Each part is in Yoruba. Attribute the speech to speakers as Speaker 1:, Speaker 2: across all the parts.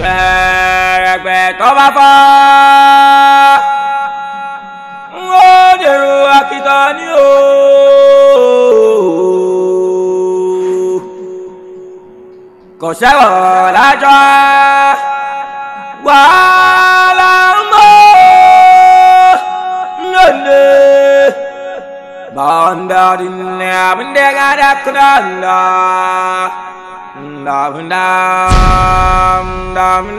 Speaker 1: gbẹ̀rẹ̀gbẹ̀ tó bá fọ́ n ó dèrò àkìtàn ní o. kò sẹ́wọ̀n lájọ́ wàhálà mọ́ lónìí. Bondadin, I'm in the Gadakunda nam nam nam nam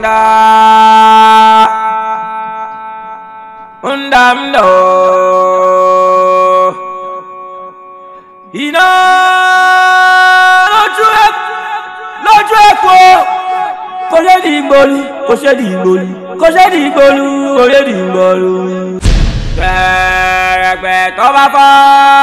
Speaker 1: nam đồ iná lójú ẹ lójú ẹ kó kò ṣe di ìgbòlu kò ṣe di ìgbòlu kò ṣe di ìgbòlu kò ṣe di ìgbòlu. gbẹ̀rẹ̀gbẹ̀ tó bá fọ́.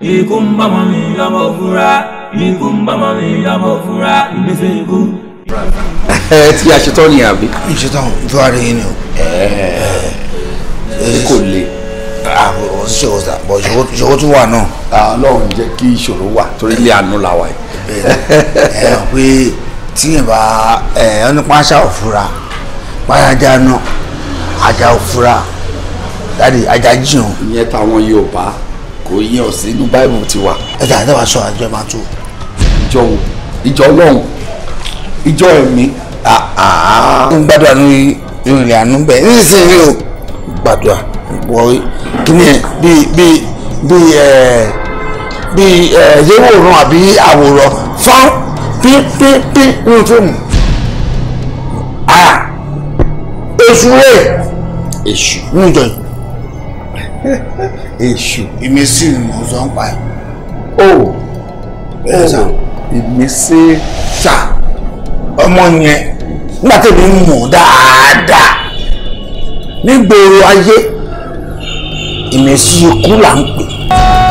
Speaker 1: ikú ń bá mọ́ mi lọ́mọ fúra ikú ń bá mọ́ mi lọ́mọ fúra ìgbésẹ̀ ikú. Eh, ẹ ti aṣetán ni àbí. aṣetán ìfẹ́ wa rí yín ni o. ẹ eh, eh, kò le ṣòro sa bọ ṣòro tún wà náà. Ah, Ọlọ́run jẹ́ kí ìṣòro wà torí ilé àánú la wà yìí. ẹ ẹ pé tí yẹn bá ẹ ọ ní pàṣà òfura pàṣà ajá náà ajá òfura dáàdi ajájì o. ìyẹn táwọn Yorùbá kò yẹ ọ sínú báìbù tiwa. ẹ jà àdáwà sọ àjọ ẹ máa tó. ìjọ wo ìjọ Ọlọ́run ìjọ ẹ̀mí. n gbàdúrà ní ìrìn àánú bẹ́ẹ̀ nísinsìnyí o gbàdúrà wọ kíni ẹ bíi bíi bíi ẹ bíi ẹ yéwòrán àbí àwòrán fún pínpínpín nínú fíìmù èṣù rẹ̀ èṣù nínú ìjọ yìí èṣù. ìmísí ni mo sọ ń pa ẹ. o o ìmísí ṣá ọmọ yẹn nígbà tèmi ń mọ̀ dáadáa nígboro ayé ìmísí ikú là ń pè é.